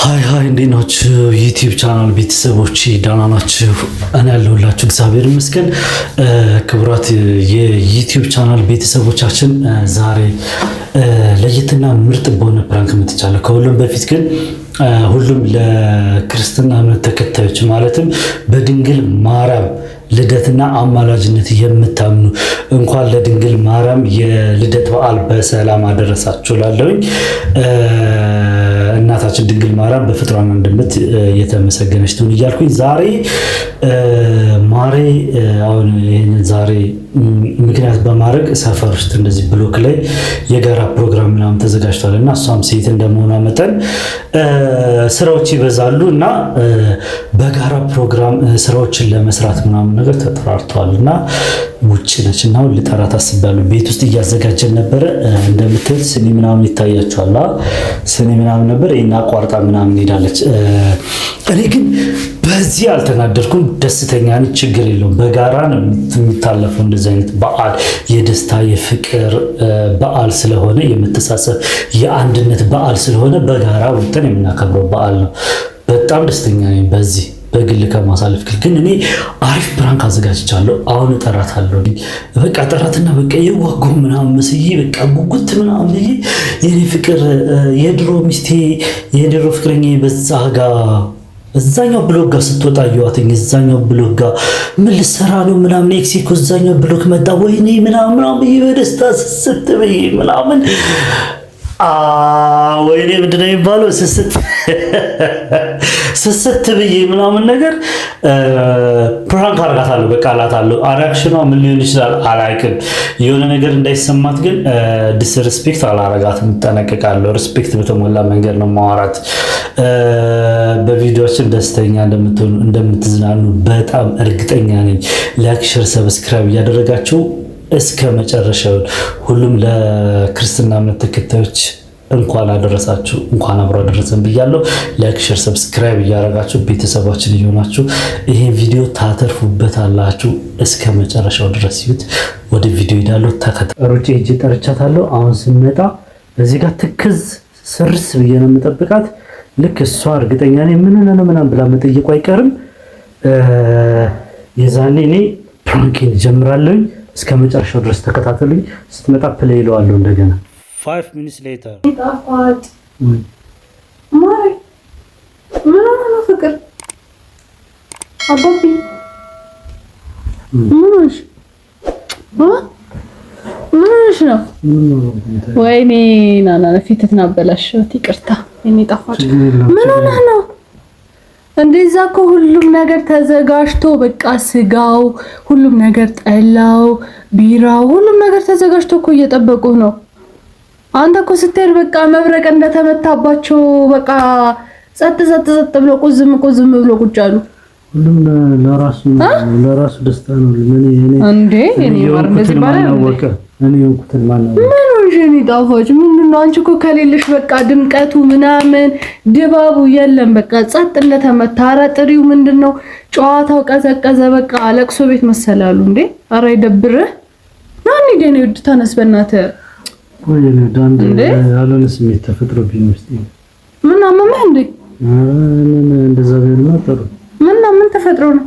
ሀይ ሀይ እንዴት ናችሁ? ዩቲዩብ ቻናል ቤተሰቦች ደህና ናችሁ? እኔ ያለሁላችሁ እግዚአብሔር ይመስገን። ክቡራት የዩቲዩብ ቻናል ቤተሰቦቻችን ዛሬ ለየትና ምርጥ በሆነ ፕራንክ መጥቻለሁ። ከሁሉም በፊት ግን ሁሉም ለክርስትና እምነት ተከታዮች ማለትም በድንግል ማርያም ልደትና አማላጅነት የምታምኑ እንኳን ለድንግል ማርያም የልደት በዓል በሰላም አደረሳችሁ ላለሁኝ እናታችን ድንግል ማርያም በፍጥሯን አንድነት የተመሰገነች ትሁን እያልኩኝ ዛሬ ማሬ አሁን ይህንን ዛሬ ምክንያት በማድረግ ሰፈር ውስጥ እንደዚህ ብሎክ ላይ የጋራ ፕሮግራም ምናምን ተዘጋጅቷል እና እሷም ሴት እንደመሆኗ መጠን ስራዎች ይበዛሉ እና በጋራ ፕሮግራም ስራዎችን ለመስራት ምናምን ነገር ተጠራርተዋል እና ውጭ ነች እና አሁን ልጠራት አስቤያለሁ። ቤት ውስጥ እያዘጋጀን ነበረ። እንደምትል ስኒ ምናምን ይታያቸዋል። ስኒ ምናምን ነበር። ይህን አቋርጣ ምናምን ሄዳለች። እኔ ግን በዚህ አልተናደድኩም፣ ደስተኛ ነኝ፣ ችግር የለውም። በጋራ ነው የሚታለፈው እንደዚህ አይነት በዓል የደስታ የፍቅር በዓል ስለሆነ የመተሳሰብ የአንድነት በዓል ስለሆነ በጋራ ወጥተን የምናከብረው በዓል ነው። በጣም ደስተኛ ነኝ በዚህ በግል ከማሳለፍ ግል ግን እኔ አሪፍ ፕራንክ አዘጋጅቻለሁ። አሁን እጠራታለሁ። በቃ ጠራትና በቃ የዋጎ ምናምን መስዬ በቃ ጉጉት ምናምን የኔ ፍቅር የድሮ ሚስቴ የድሮ ፍቅረኛ በዛ ጋ እዛኛው ብሎክ ጋር ስትወጣ እየዋትኝ እዛኛው ብሎክ ጋር ምን ልሰራ ነው ምናምን ኤክሲኮ እዛኛው ብሎክ መጣ ወይኔ ምናምን በደስታ ስስት ብዬ ምናምን ወይኔ ምንድነው የሚባለው ስስት ስስት ብዬ ምናምን ነገር ፕራንክ አርጋታለሁ። በቃ አላታለሁ። ሪያክሽኗ ምን ሊሆን ይችላል አላውቅም። የሆነ ነገር እንዳይሰማት ግን ዲስሪስፔክት አላረጋትም፣ እጠነቀቃለሁ። ሪስፔክት በተሞላ መንገድ ነው ማዋራት። በቪዲዮችን ደስተኛ እንደምትሆኑ እንደምትዝናኑ በጣም እርግጠኛ ነኝ። ላይክ፣ ሸር፣ ሰብስክራይብ እያደረጋችሁ እስከ መጨረሻው ሁሉም ለክርስትና እምነት ተከታዮች እንኳን አደረሳችሁ እንኳን አብሮ አደረሰን ብያለሁ። ላይክ፣ ሼር፣ ሰብስክራይብ እያደረጋችሁ ቤተሰባችን እየሆናችሁ ይሄ ቪዲዮ ታተርፉበት አላችሁ። እስከ መጨረሻው ድረስ ይዩት። ወደ ቪዲዮ ሄዳለሁ። ተከታ ሩጭ እጅ ጠርቻታለሁ። አሁን ስመጣ እዚህ ጋር ትክዝ ስርስ ብዬ ነው የምጠብቃት። ልክ እሷ እርግጠኛ እኔ ምን ነው ምናምን ብላ መጠየቁ አይቀርም። የዛኔ እኔ ፕራንኬን ጀምራለሁኝ። እስከ መጨረሻው ድረስ ተከታተሉኝ። ስትመጣ ፕሌይ እለዋለሁ እንደገና ፋይቭ ሚኒትስ ሌተር ጣፋጭ ማሪ ምን ሆነ ፍቅር አባቢ ምን ሆነሽ ምን ነው ወይኔ ናና ፊት እናበላሽት ይቅርታ የእኔ ጣፋጭ ምን ሆነህ ነው እንደዛ እኮ ሁሉም ነገር ተዘጋጅቶ በቃ ስጋው ሁሉም ነገር ጠላው ቢራው ሁሉም ነገር ተዘጋጅቶ እኮ እየጠበቁ ነው አንተ እኮ ስትሄድ በቃ መብረቅ እንደተመታባቸው በቃ ጸጥ ጸጥ ጸጥ ብሎ ቁዝም ቁዝም ብሎ ቁጭ አሉ። ሁሉም ለራሱ ለራሱ ደስታ ነው። ምን እኔ እንዴ እኔ ማርነት ይባላል ወቀ እኔ ወቁትን ማለት ነው። ምን ሆንሽ? እኔ ጣፋጭ ምንድን ነው? አንቺ እኮ ከሌለሽ በቃ ድምቀቱ ምናምን ድባቡ የለም። በቃ ጸጥ እንደተመታ ኧረ ጥሪው ምንድን ነው? ጨዋታው ቀዘቀዘ። በቃ ለቅሶ ቤት መሰላሉ እንዴ! ኧረ ይደብርህ። ማን ይደኔ ውድ ተነስ በእናትህ ቆይ ያልሆነ ስሜት ተፈጥሮብኝ ውስጥ ምን አመመህ እንዴ? ምን እንደዛ ቢሆንማ ጥሩ። ምን ምን ተፈጥሮ ነው?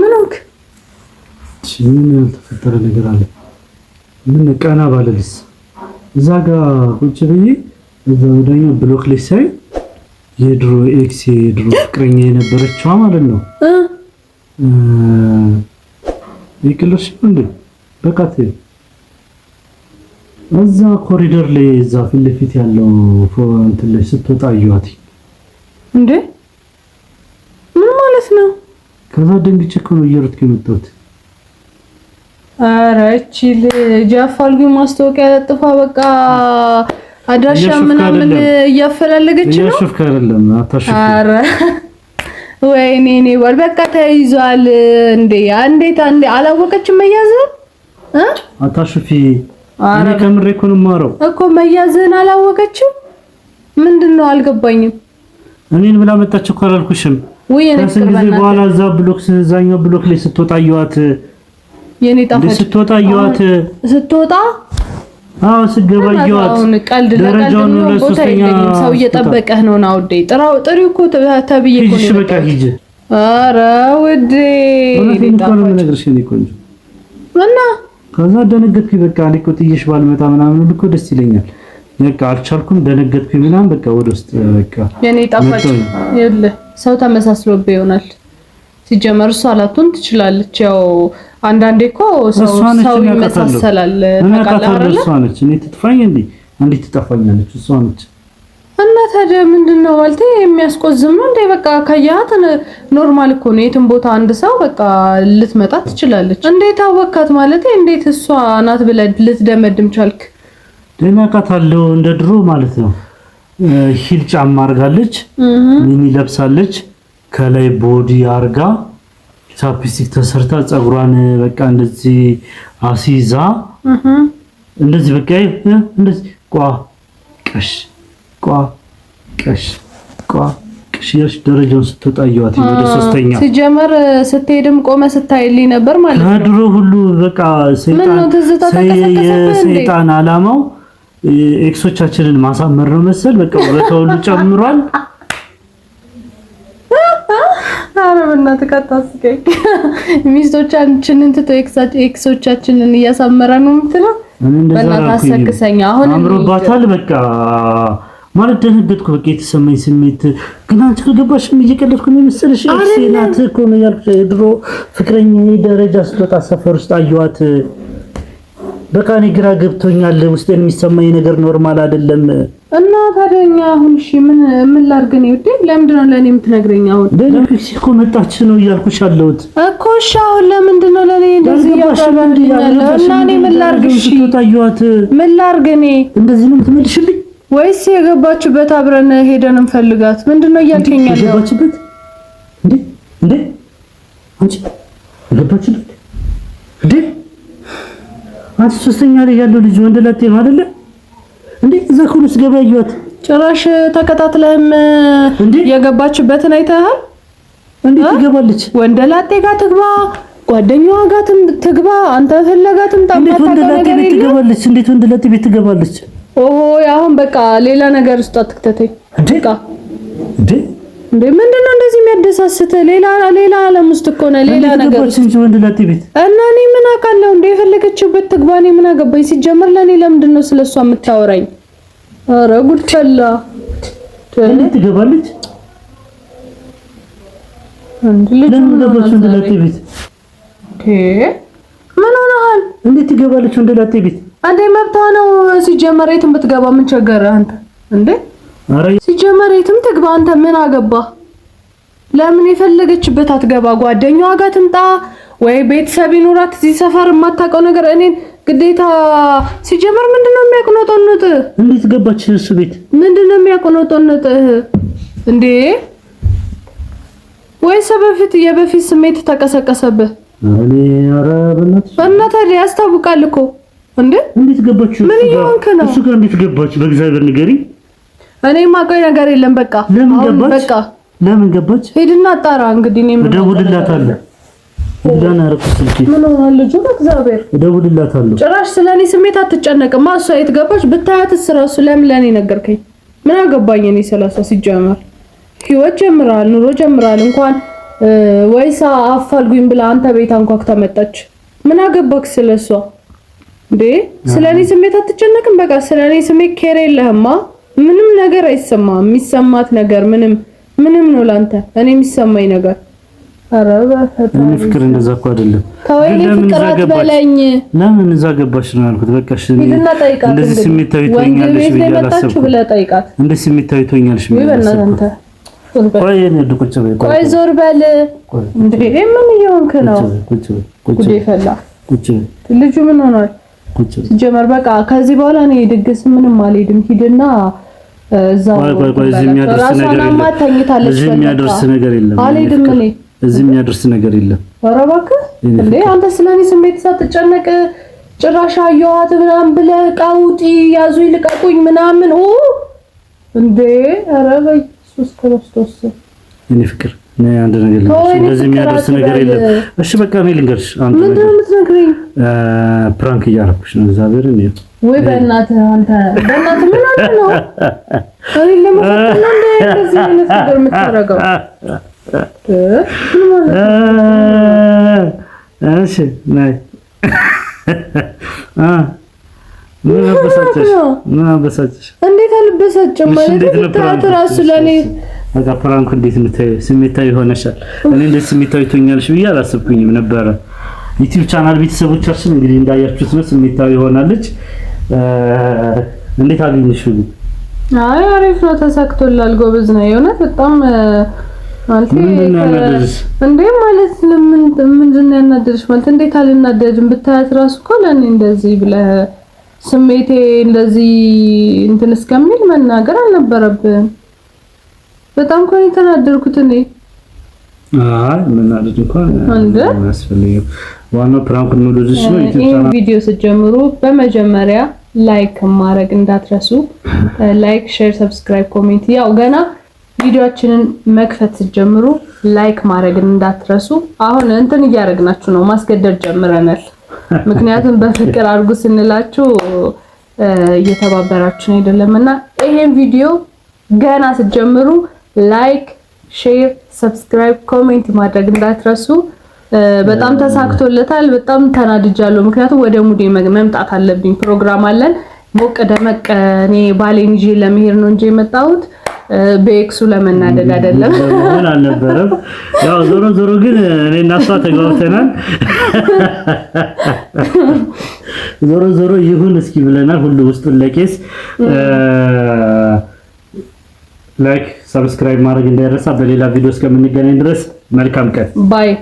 ምን ሆንክ? ምን ያልተፈጠረ ነገር አለ? ምን ቀና ባለልስ እዛ ጋር ቁጭ ብዬ እዛ ወዳኛ ብሎክ ላይ ሳይ የድሮ ኤክስ የድሮ ፍቅረኛ የነበረችዋ ማለት ነው ይቅልሽ እንዴ በቃ እዛ ኮሪደር ላይ እዛ ፊት ለፊት ያለው ፎንት ላይ ስትወጣ አየኋት። እንዴ ምን ማለት ነው? ከዛ ደንግጬ እኮ ነው እየሮጥኩ የመጣሁት። ኧረ እቺ ልጅ አፋልጉኝ ማስታወቂያ ለጥፋ በቃ አድራሻ ምናምን እያፈላለገች ነው። እያሾፍክ አይደለም አታሾፍ። ኧረ ወይኔ እኔ ወል በቃ ተይዟል። እንዴ አንዴት አንዴ አላወቀችም መያዝህን። አታሽፊ አረ ከምሬ እኮ ነው የማወራው እኮ መያዝህን አላወቀችም። ምንድን ነው አልገባኝም። እኔን ብላ መጣች እኮ አላልኩሽም? ከስንት ጊዜ በኋላ እዛ ብሎክ እዛኛው ብሎክ ላይ ስትወጣ አየኋት። የኔ ጣፋጭ ስትወጣ አየኋት። ስትወጣ አዎ፣ ስትገባ አየኋት። ቀልድ ለቀልድ ነው ቦታ የለኝም። ሰው እየጠበቀህ ነው ና ውዴ። ጥራው ጥሪው እኮ ተብዬ እኮ ነው። በቃ ሂጂ። አረ ውዴ እና ከዛ ደነገጥኩኝ። በቃ እኔ እኮ ጥዬሽ ባልመጣ ምናምን እኮ ደስ ይለኛል። በቃ አልቻልኩም፣ ደነገጥኩኝ ምናምን በቃ ወደ ውስጥ በቃ የኔ ጣፋጭ ይኸውልህ፣ ሰው ተመሳስሎብህ ይሆናል። ሲጀመር እሷ አላቱን ትችላለች። ያው አንዳንዴ እኮ ሰው ሰው ይመሳሰላል። ታውቃለህ አይደል? እሷ ነች። እኔ ትጥፋኝ እንዴ? እንዴት ትጠፋኛለች? እሷ ነች እና ታዲያ ምንድነው ማለት የሚያስቆዝም ነው እንዴ? በቃ ከያት ኖርማል እኮ ነው። የትም ቦታ አንድ ሰው በቃ ልትመጣ ትችላለች። እንዴት አወካት ማለት እንዴት እሷ ናት ብለህ ልትደመድም ቻልክ? ደሚያውቃታለሁ እንደ ድሮ ማለት ነው። ሂል ጫማ አርጋለች፣ ሚኒ ለብሳለች፣ ከላይ ቦዲ አርጋ ቻፕስቲክ ተሰርታ ፀጉሯን በቃ እንደዚህ አሲዛ እንደዚህ በቃ እንደዚህ ቋ ቀሽ ቋ ቀሽ እያልሽ ደረጃውን ስትጣየዋት ወደ ሶስተኛ ሲጀመር ስትሄድም ቆመ ስታይልኝ ነበር ማለት ነው። ከድሮ ሁሉ በቃ ሰይጣን አላማው ኤክሶቻችንን ማሳመር ነው መሰል። በቃ ውበቷ ሁሉ ጨምሯል። ኧረ በእናትህ ካታስቀኝ። ሚስቶቻችንን ትቶ ኤክሶቻችንን እያሳመረ ነው የምትለው በእናትህ አሰክሰኛ። አሁን አምሮባታል በቃ ማለት ደነገጥኩ። በቃ የተሰማኝ ስሜት ግን አንቺ ከገባሽም እየቀለድኩ ነው የመሰለሽ። ናት እኮ ነው ያልኩሽ። ድሮ ፍቅረኛ ደረጃ ስትወጣ ሰፈር ውስጥ አየኋት። በቃ እኔ ግራ ገብቶኛል። ውስጥ የሚሰማኝ ነገር ኖርማል አይደለም። እና ታዲያ እኛ አሁን እሺ ምን ምን ላድርግ ነው ውዴ? ለምንድን ነው ለእኔ የምትነግረኝ? አሁን ደነገጥሽ እኮ መጣች ነው እያልኩሽ አለሁት እኮ። እሺ አሁን ለምንድን ነው ለእኔ እንደዚህ እያደረግሽ? እና እኔ ምን ላድርግ? እሺ ምን ላድርግ? እኔ እንደዚህ ነው የምትመልሽልኝ? ወይስ የገባችበት አብረን ሄደን እንፈልጋት? ምንድነው እያልከኝ ያለው? የገባችበት እንዴ? እንዴ? አንቺ የገባችበት እንዴ? አንቺ ሶስተኛ ላይ ያለው ልጅ ወንድ ላጤ ነው አይደለ እንዴ? እዛ ሁሉ ስገባ ያየኋት ጭራሽ ተከታትለህም የገባችበትን አይተሃል? እንዴት ትገባለች? ወንድ ላጤ ጋር ትግባ፣ ጓደኛዋ ጋር ትግባ፣ አንተ ፈለጋትም ታምጣ። እንዴት ወንድ ላጤ ቤት ትገባለች? ኦሆ አሁን በቃ ሌላ ነገር ውስጥ አትክተተኝ እንዴ እንዴ እንዴ ምንድን ነው እንደዚህ የሚያደሳስተ? ሌላ ሌላ ዓለም ውስጥ እኮ ነው ሌላ ነገር ውስጥ ቤት እና እኔ ምን አውቃለሁ እንዴ የፈለገችበት ትግባ። እኔ ምን አገባኝ ሲጀምር። ለኔ ለምንድን ነው ስለሷ የምታወራኝ? ኧረ ጉድ ፈላ። እኔ ትገባለች ምን ሆነሃል? እንዴት ትገባለች ወንድ ላጤ ቤት አንዴ መብታ ነው ሲጀመር፣ የትም ብትገባ ምን ቸገረ አንተ እንዴ? ሲጀመር የትም ትግባ አንተ ምን አገባ? ለምን የፈለገችበት አትገባ? ጓደኛዋ ጋር ትምጣ ወይ ቤተሰብ ይኑራት እዚህ ሰፈር የማታውቀው ነገር እኔን ግዴታ ሲጀመር ምንድነው የሚያቆነጠነጥህ? እንዴት ገባች እሱ ቤት? ምንድነው የሚያቆነጠነጥህ እንዴ? ወይስ በፊት የበፊት ስሜት ተቀሰቀሰብህ? እኔ ኧረ በእናትህ እና ያስታውቃል እኮ እንዴ እንዴት ገባች? ምን ይሆንክ ነው? እሱ ጋር እንዴት ገባች? በእግዚአብሔር ንገሪኝ። እኔ ማቀኝ ነገር የለም። በቃ ለምን ገባች? በቃ ለምን ገባች? ሄድና ጣራ። እንግዲህ እኔ ምን እደውልላታለሁ። እደውልላታለሁ። ጭራሽ ስለኔ ስሜት አትጨነቅም። እሷ የት ገባች? ብታያት ስራሱ ለምን ለኔ ነገርከኝ? ምን አገባኝ እኔ ስለሷ ሲጀመር ህይወት ጀምራል፣ ኑሮ ጀምራል። እንኳን ወይሳ አፋልጉኝ ብላ አንተ ቤት አንኳክ ተመጣች። ምን አገባክ ስለሷ እንዴ ስለ እኔ ስሜት አትጨነቅም? በቃ ስለ እኔ ስሜት ኬር የለህማ። ምንም ነገር አይሰማም። የሚሰማት ነገር ምንም ምንም ነው ላንተ። እኔ የሚሰማኝ ነገር ምን ፍቅር እንደዛ እኮ አይደለም። ተወይ ፍቅር አትበለኝ። ለምን እዛ ገባሽ ነው ያልኩት። በቃ እሺ፣ እንደዚህ ስሜታዊ ትሆኛለሽ ብዬሽ አላሰብኩም። እንደዚህ ስሜታዊ ትሆኛለሽ ብዬሽ አላሰብኩም። ቆይ እኔ ቁጭ በይ፣ ቆይ ዞር በል። እንዴ ምን እየሆንክ ነው? ቁጭ ፈላ። ልጁ ምን ሆኗል? ጀመር በቃ ከዚህ በኋላ እኔ ድግስ ምንም አልሄድም። ሂድና እዛው ቆይ ቆይ፣ እዚህ የሚያደርስ ነገር የለም። እዚህ የሚያደርስ ነገር የለም። አልሄድም እኔ እዚህ የሚያደርስ ነገር የለም። ኧረ እባክህ እንዴ አንተ ስለኔ ስሜት ሳትጨነቅ ጭራሽ አየኋት ምናምን ብለህ ዕቃ ውጪ ያዙ ይልቀቁኝ ምናምን ኦ እንዴ ኧረ በኢየሱስ ክርስቶስ እኔ ፍቅር አንድ ነገር እንደዚህ የሚያደርስ ነገር የለም። እሺ በቃ እኔ ልንገርሽ፣ አንተ ፕራንክ እያደረኩሽ ነው። እግዚአብሔር ወይ በእናትህ አንተ በእናትህ ምን አንተ ነው ምን አበሳጨሽ? ምን አበሳጨሽ? እንዴት አልበሳጭም በቃ ፕራንኩ እንዴት ምታዩ ስሜታዊ ሆነሻል። እኔ እንዴት ስሜታዊ ትሆኛለሽ ብዬ አላሰብኩኝም ነበረ። ዩቲዩብ ቻናል ቤተሰቦቻችን እንግዲህ እንዳያችሁት ነው፣ ስሜታዊ ሆናለች። እንዴት አገኘሽ? አይ አሪፍ ነው፣ ተሳክቶላል። ጎበዝ ነው የእውነት በጣም እንዴ ማለት ለምን ምንድን ነው ያናደድሽ? ማለት እንዴት አልናደድም? ብታያት ራሱ እኮ ለኔ እንደዚህ ብለህ ስሜቴ እንደዚህ እንትን እስከሚል መናገር አልነበረብህም። በጣም እኮ ነው የተናደርኩት እኔ። አይ መናደድ እንኳን አያስፈልግም። ዋናው ፕራንክ ነው። ልጅሽ ነው ይሄን ቪዲዮ ስትጀምሩ በመጀመሪያ ላይክ ማድረግ እንዳትረሱ። ላይክ፣ ሼር፣ ሰብስክራይብ፣ ኮሜንት ያው ገና ቪዲዮአችንን መክፈት ስትጀምሩ ላይክ ማድረግ እንዳትረሱ። አሁን እንትን እያደረግናችሁ ነው፣ ማስገደድ ጀምረናል። ምክንያቱም በፍቅር አድርጉ ስንላችሁ እየተባበራችሁ አይደለምና ይሄን ቪዲዮ ገና ስትጀምሩ ላይክ፣ ሼር፣ ሰብስክራይብ፣ ኮሜንት ማድረግ እንዳትረሱ። በጣም ተሳክቶለታል። በጣም ተናድጃለሁ፣ ምክንያቱም ወደ ሙዴ መምጣት አለብኝ። ፕሮግራም አለን ሞቅ ደመቅ። እኔ ባሌን ይዤ ለመሄድ ነው እንጂ የመጣሁት በኤክሱ ለመናደድ አይደለም። ምን አልነበረም። ያው ዞሮ ዞሮ ግን እኔ እና እሷ ተግባብተናል። ዞሮ ዞሮ ይሁን እስኪ ብለናል። ሁሉ ውስጡን ለቄስ ላይክ ሰብስክራይብ ማድረግ እንዳይረሳ። በሌላ ቪዲዮ እስከምንገናኝ ድረስ መልካም ቀን ባይ